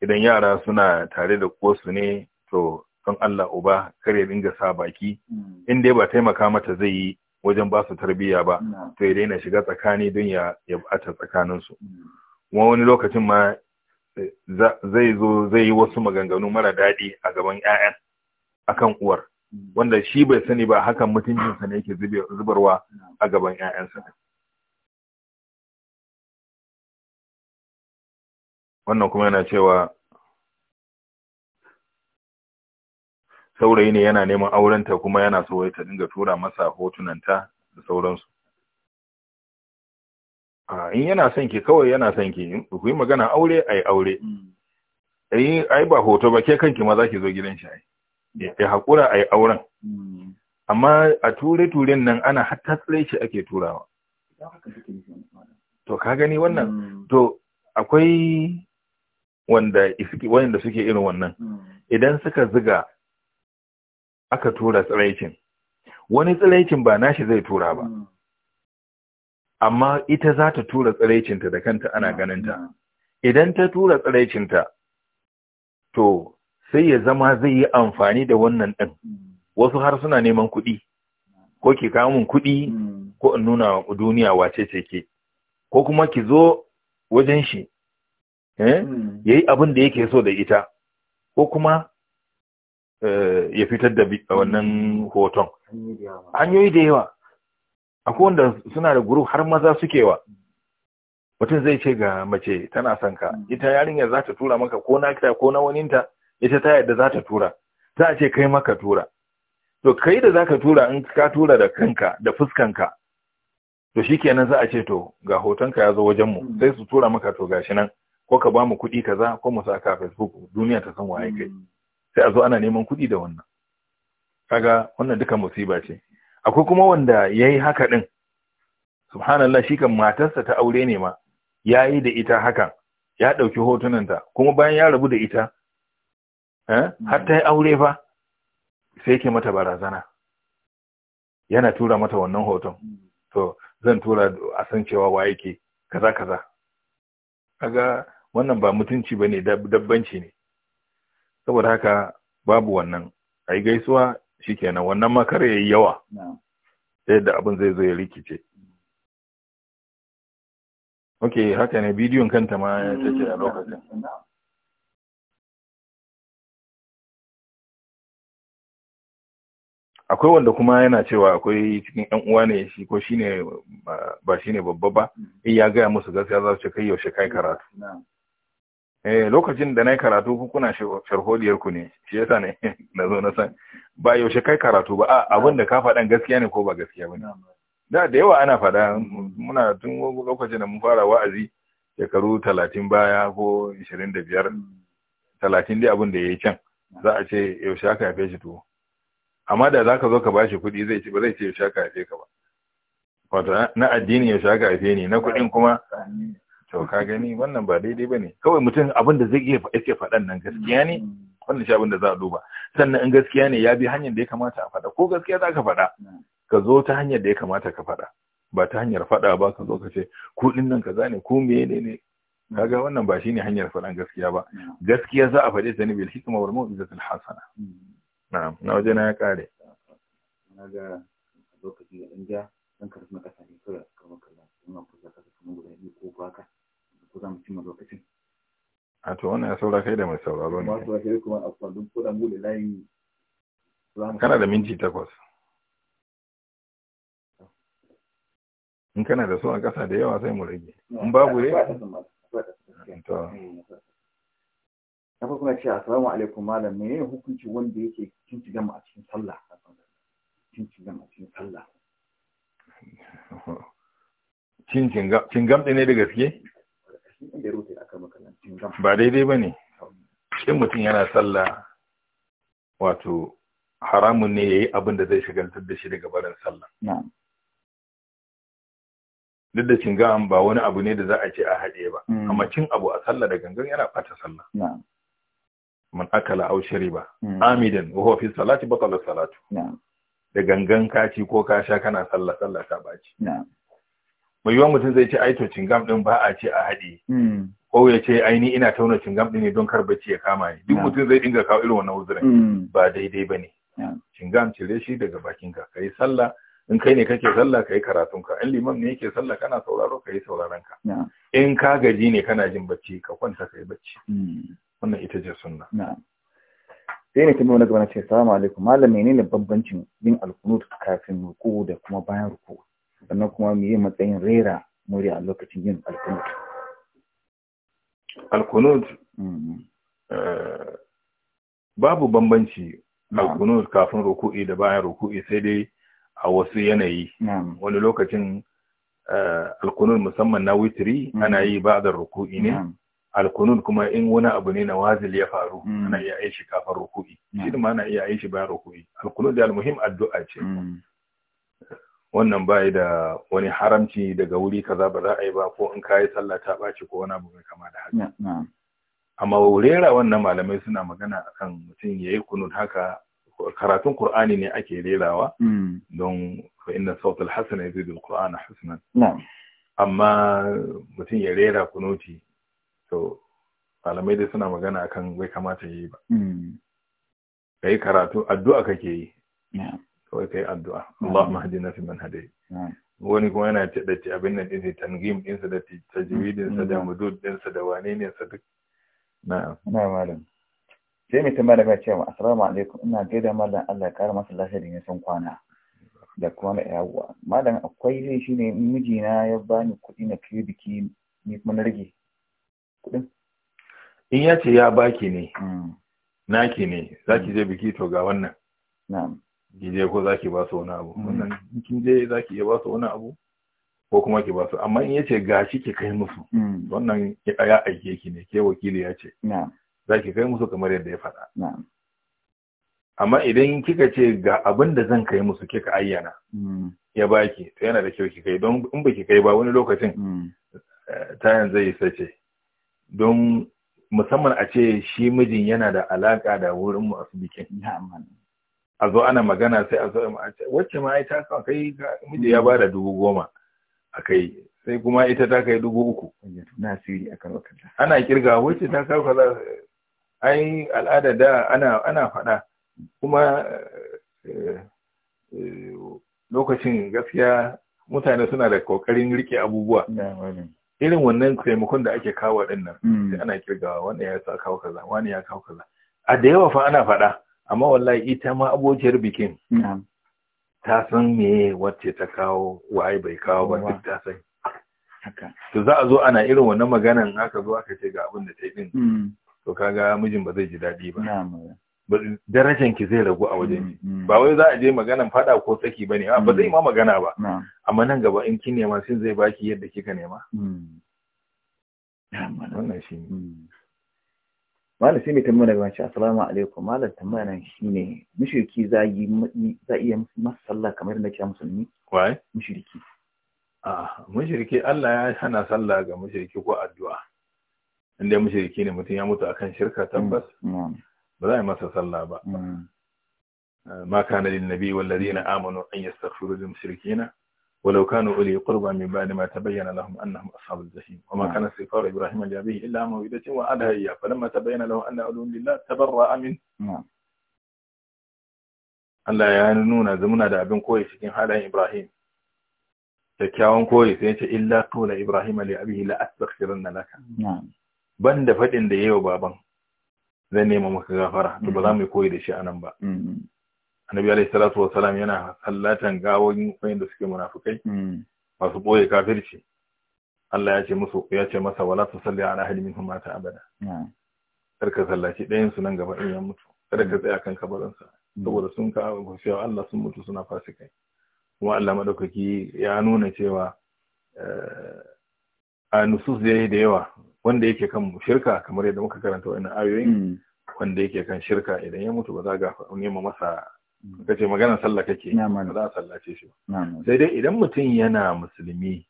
idan yara suna tare da kosu ne to don Allah uba kar ya dinga sa baki hmm. in dai ba taimaka mata zai yi wajen ba su tarbiyya ba hmm. to ya daina shiga tsakani don ya ya bata tsakanin su hmm. kuma wani lokacin ma eh, zai zo zai yi wasu maganganu mara daɗi a gaban ƴaƴan akan uwar wanda shi bai sani ba hakan sa ne yake zubarwa a gaban ƴaƴansa wannan kuma yana cewa saurayi ne yana neman aurenta kuma yana so ta dinga tura masa hotunanta da sauransu a in yana son ki kawai yana son ki ku yi magana aure ai aure hmm. ai ai ba hoto ba ke kanki ma zaki zo gidan shi ai ya hakura ai auren hmm. amma a ture turen nan ana hatta tsare shi ake turawa to ka gani wannan hmm. to akwai wanda suke irin wannan idan suka ziga aka tura tsiraicin wani tsiraicin ba nashi zai tura ba hmm. amma ita za ta tura tsiraicinta da kanta ana hmm. ganinta idan ta tura tsiraicinta to sai ya zama zai yi amfani da wannan ɗin hmm. wasu har suna neman kuɗi ko ki kamun kuɗi ko in nuna duniya wace ce ke ko kuma ki zo wajen shi eh, ya yi abin da yake so da ita ko kuma Eh, ya fitar da wannan hoton hanyoyi da yawa akwai wanda suna da guru har maza suke wa mutum zai ce ga mace tana son ka ita yarinyar za ta tura maka ko na kita ko na waninta ita ta yadda za ta tura za a ce kai maka tura to kai da za ka tura in ka tura da kanka da fuskanka to shi kenan za a ce to ga hotonka ya zo wajenmu mm. sai su tura maka to gashi nan ko ka ba mu kuɗi kaza ko mu saka ka facebook duniya ta san waye kai mm. sai a zo ana neman kuɗi da wannan kaga wannan duka musiba ce akwai kuma wanda ya yi haka ɗin subhanallah shi kan matarsa ta aure ne ma Ya yi da ita haka ya ɗauki hotunanta kuma bayan ya rabu da ita eh, har ta yi aure fa sai ke mata barazana yana tura mata wannan hoton to zan tura a san cewa wa yake kaza kaza kaga wannan ba mutunci ba ne, dabbanci ne saboda haka babu wannan ai gaisuwa shikenan wannan makar yi yawa Ta yadda abin zai zo ya rikice ok haka ne bidiyon kanta ma ya ce a lokacin akwai wanda kuma yana cewa akwai cikin yan uwa ne shi ko shine ba shine babba ba mm. in ya gaya musu gaskiya za su ce kai yaushe kai karatu eh lokacin da na yi karatu ko kuna sharholiyar ku ne shi yasa ne na zo na san ba yaushe kai karatu ba a abin da ka faɗan gaskiya ne ko ba gaskiya ba ne da da yawa ana faɗa muna tun lokacin da mun fara wa'azi shekaru talatin baya ko ishirin da biyar talatin dai abin da ya yi can za a ce yaushe aka haife shi tuwo amma da za ka zo ka ba shi kuɗi zai ce ba zai ce yaushe aka haife ka ba wato na addini yaushe aka haife ni na kuɗin kuma to ka gani wannan ba daidai ba ne kawai mutum abin da zai iya yake faɗan nan gaskiya ne wannan shi abin da za a duba sannan in gaskiya ne ya bi hanyar da ya kamata a faɗa ko gaskiya za ka faɗa ka zo ta hanyar da ya kamata ka faɗa ba ta hanyar faɗa ba ka zo ka ce kuɗin nan kaza ne ko mene ne kaga wannan ba shine hanyar faɗan gaskiya ba gaskiya za a faɗe ta ne bil hikma wal mu'izatul hasana na'am na waje na ya kare ga lokaci da inja dan karfi na kasa ne kawai cimma lokacin a to wannan ya saura kai da mai sauraro ne kai kuma a kwallon ko da layi kana da minti takwas in kana da so a ƙasa da yawa sai mu rage in babu ne to na farko ce assalamu alaikum malam menene hukunci wanda yake cin cigama a cikin sallah cin cigama a cikin sallah cin cingam ɗin ne da gaske ba daidai ba ne in mutum yana sallah wato haramun ne ya yi abin da zai shigantar da shi daga barin sallah duk da cingawan ba wani abu ne da za a ce a haɗe ba mm. amma cin abu a sallah da gangan yana ɓata sallah man akala aw ba. Mm. amidan wa huwa salatu salatu da gangan kaci ko kasha kana sallah sallah ta baci mai yiwuwa mutum zai ce aito cingam din ba a ce a haɗe hmm. ko ya ce aini ina tauna cingam din ne don kar bacci ya kama ni duk mutum zai dinga kawo irin wannan uzurin hmm. ba daidai ba ne cingam cire shi daga bakinka ka yi sallah in kai ne kake sallah ka yi karatunka in liman ne yake sallah kana sauraro ka yi sauraronka in ka gaji ne kana jin bacci ka kwanta ka yi bacci hmm. wannan ita ce sunna sai ne tambayar wani gaba ce salamu alaikum malam menene bambancin yin alkunut kafin ruku da kuma bayan ruku sannan kuma mu yi matsayin rera muri a lokacin yin alkunut alkunut mm-hmm. eh, babu bambanci alkunut kafin ruku'i da bayan ruku'i sai dai a wasu yanayi wani lokacin eh, alkunut musamman na witiri mm-hmm. ana yi ba da ruku'i ne alkunut kuma in wani abu ne na wazil ya faru mm-hmm. ana iya aishi kafin ruku'i shi ma ana iya aishi bayan ruku'i alkunut da almuhim addu'a ce wannan bai da wani haramci daga wuri kaza ba za a yi ba ko in kayi sallah ta ɓaci ko wani abu mai kama da haka amma rera wannan malamai suna magana akan mutum ya yi kunun haka karatun Kur'ani ne ake rerawa mm. don fa inna sautul hasan yazidu alqur'ana husnan amma mutum ya rera kunuti to malamai dai suna magana akan bai kamata yi ba mm. kai karatu addu'a kake yi kawai ka yi addu'a Allahumma hadina fi man hadai wani kuma yana ce da ce abin nan din tangim din sa da tajwidin sa da mm-hmm. mudud din sa da wane ne sa duk na'am na malam sai mai tambaya daga cewa assalamu alaikum ina gaida malam Allah ya kara masa lafiya da nisan kwana da kuma na yawwa malam akwai zai shine mijina ya bani kuɗi na kai biki ni kuma na rage kuɗin in ya ce ya baki ne mm. naki ne za ki mm. je biki to ga wannan na'am ki je ko zaki ba su wani abu mm. wannan kin je ki iya ba su wani abu ko kuma ki ba su amma in yace shi ki kai musu mm. wannan ya aike ki ne ke wakili ya ce ki kai musu kamar yadda ya faɗa amma idan kika ce ga abin da zan kai musu kika ayyana mm. ya baki to yana da kyau ki kai don in ba ki kai ba wani lokacin eh, tayan zai sace don musamman a ce shi mijin yana da alaka da wurin mu asibitin a zo ana magana sai a zo a wacce ma ita ka kai miji ya mm. bada dubu goma a kai sai kuma ita ta kai dubu uku ana kirga wacce ta kawo kaza ai al'ada da ana ana faɗa kuma eh, eh, lokacin gaskiya mutane suna da kokarin rike abubuwa irin wannan taimakon da ake kawo din nan mm. sai ana kirgawa wanda ya sa kawo kaza wani ya kawo kaza a da yawa fa ana faɗa amma wallahi ita ma abokiyar bikin ta san me wacce ta kawo waye bai kawo ba duk ta san to za a zo ana irin wannan maganan aka zo aka ce ga abin da ta yi din mm. to kaga mijin ba zai ji daɗi ba darajan ki zai ragu a wajen mm, mm. ba wai za a je maganan fada ko tsaki ba ba zai ma magana ba amma nan gaba in kin nema sin zai baki yadda kika nema wannan shi malam sai mai tambaya daga wancan assalamu alaikum malam tambaya nan shine mushriki za yi iya masa sallah kamar yadda kira musulmi wai mushriki ah mushriki Allah ya hana sallah ga mushriki ko addu'a inda mushriki ne mutum ya mutu akan shirka tabbas mm, mm. ba za a yi masa sallah ba mm. ma kana lin nabi wal ladina amanu an yastaghfiru lil mushrikina ولو كانوا أولي قربى من بعد ما تبين لهم أنهم أصحاب الجحيم وما كان استغفار إبراهيم لأبيه إلا موعدة وعدها إياه فلما تبين له أن عدو لله تبرأ منه Allah ya nuna zamuna da abin koyi cikin halayen Ibrahim kyakkyawan koyi sai ce illa qawla Ibrahim li abihi la astaghfirunna laka ban da faɗin da yayi wa baban zai nema maka gafara to ba za mu koyi da shi anan ba annabi alaihi salatu wa salam yana sallatan gawon wayanda suke munafikai hmm. masu boye kafirci Allah ya ce musu ya ce masa wala salli ala ahli minhum mata abada hmm. kar ka sallaci ɗayan su nan gaba in ya mutu kada ka hmm. tsaya kan kabarin sa saboda sun ka cewa Allah sun mutu suna fasikai kuma Allah madaukaki ya nuna cewa eh, a nusus da yayi da yawa wanda yake kan shirka kamar yadda muka karanta wannan ayoyin wanda yake kan shirka idan ya mutu ba za ga nema masa Mm. ka ce magana sallah kake ba za a sallace shi sai dai idan mutum yana musulmi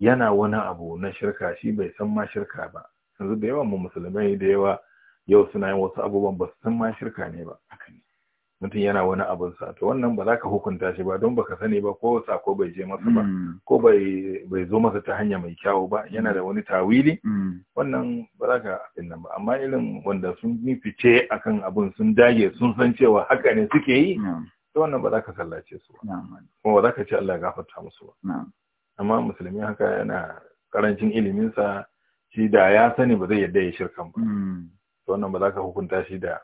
yana wani abu na shirka shi bai san ma shirka ba yanzu da yawan mu musulmai da yawa yau suna yin wasu abubuwan ba su san ma shirka ne ba mutum yana wani abin sa to wannan ba za ka hukunta shi ba don baka sani ba ko sako bai je masa ba mm. ko bai zo masa ta hanya mai kyawu ba yana mm. da wani tawili mm. wannan ba za ka abin nan ba amma irin wanda sun yi fice akan abun sun dage sun san cewa haka ne suke yi to wannan ba za ka sallace su ba kuma ba za ka ce Allah gafarta musu ba amma musulmi haka yana karancin sa shi da ya sani ba zai yadda ya shirkan ba to wannan ba za ka hukunta shi da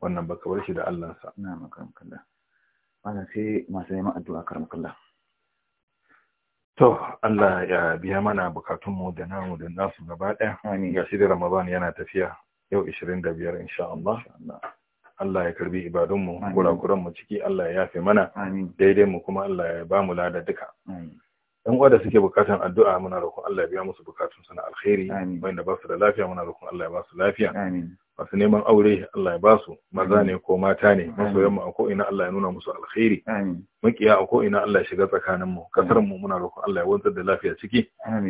wannan baka ka bar shi da Allahnsa na makaram kallah wannan sai masu neman addu'a karam kallah to Allah ya biya mana bukatunmu da namu da nasu gaba ɗaya amin ga shi da Ramadan yana tafiya yau 25 insha Allah Allah ya karbi ibadunmu kurakuran mu ciki Allah ya yafe mana daidai mu kuma Allah ya ba mu lada duka yan uwa da suke bukatan addu'a muna roƙon Allah ya biya musu bukatun su na alkhairi wanda ba su da lafiya muna roƙon Allah ya ba su lafiya masu neman aure Allah ya basu maza ne ko mata ne masoyan mu a ko ina Allah ya nuna musu alkhairi makiya a ko ina Allah ya shiga tsakanin mu kasar mu muna roƙon Allah ya wanzar da lafiya ciki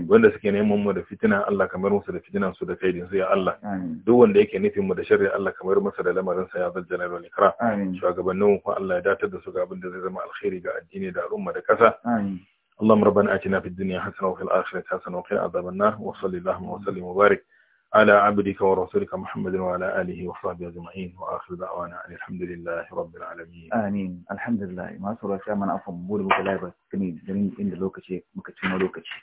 wanda suke neman mu da fitina Allah kamar musu da fitinan su da kaidin su ya Allah duk wanda yake nufin mu da sharri Allah kamar masa da lamarin sa ya zal jalal likra ikram shugabannin mu Allah ya datar da su ga abin da zai zama alkhairi ga addini da al'umma da kasa اللهم ربنا آتنا في الدنيا حسنة وفي الآخرة حسنة وقنا عذاب النار وصلى اللهم وسلم وبارك على عبدك ورسولك محمد وعلى آله وصحبه أجمعين وآخر دعوانا أن الحمد لله رب العالمين آمين الحمد لله ما سورة من أفهم بول بكلابة سنين جميل إن لوكشي مكتشي ملوكشي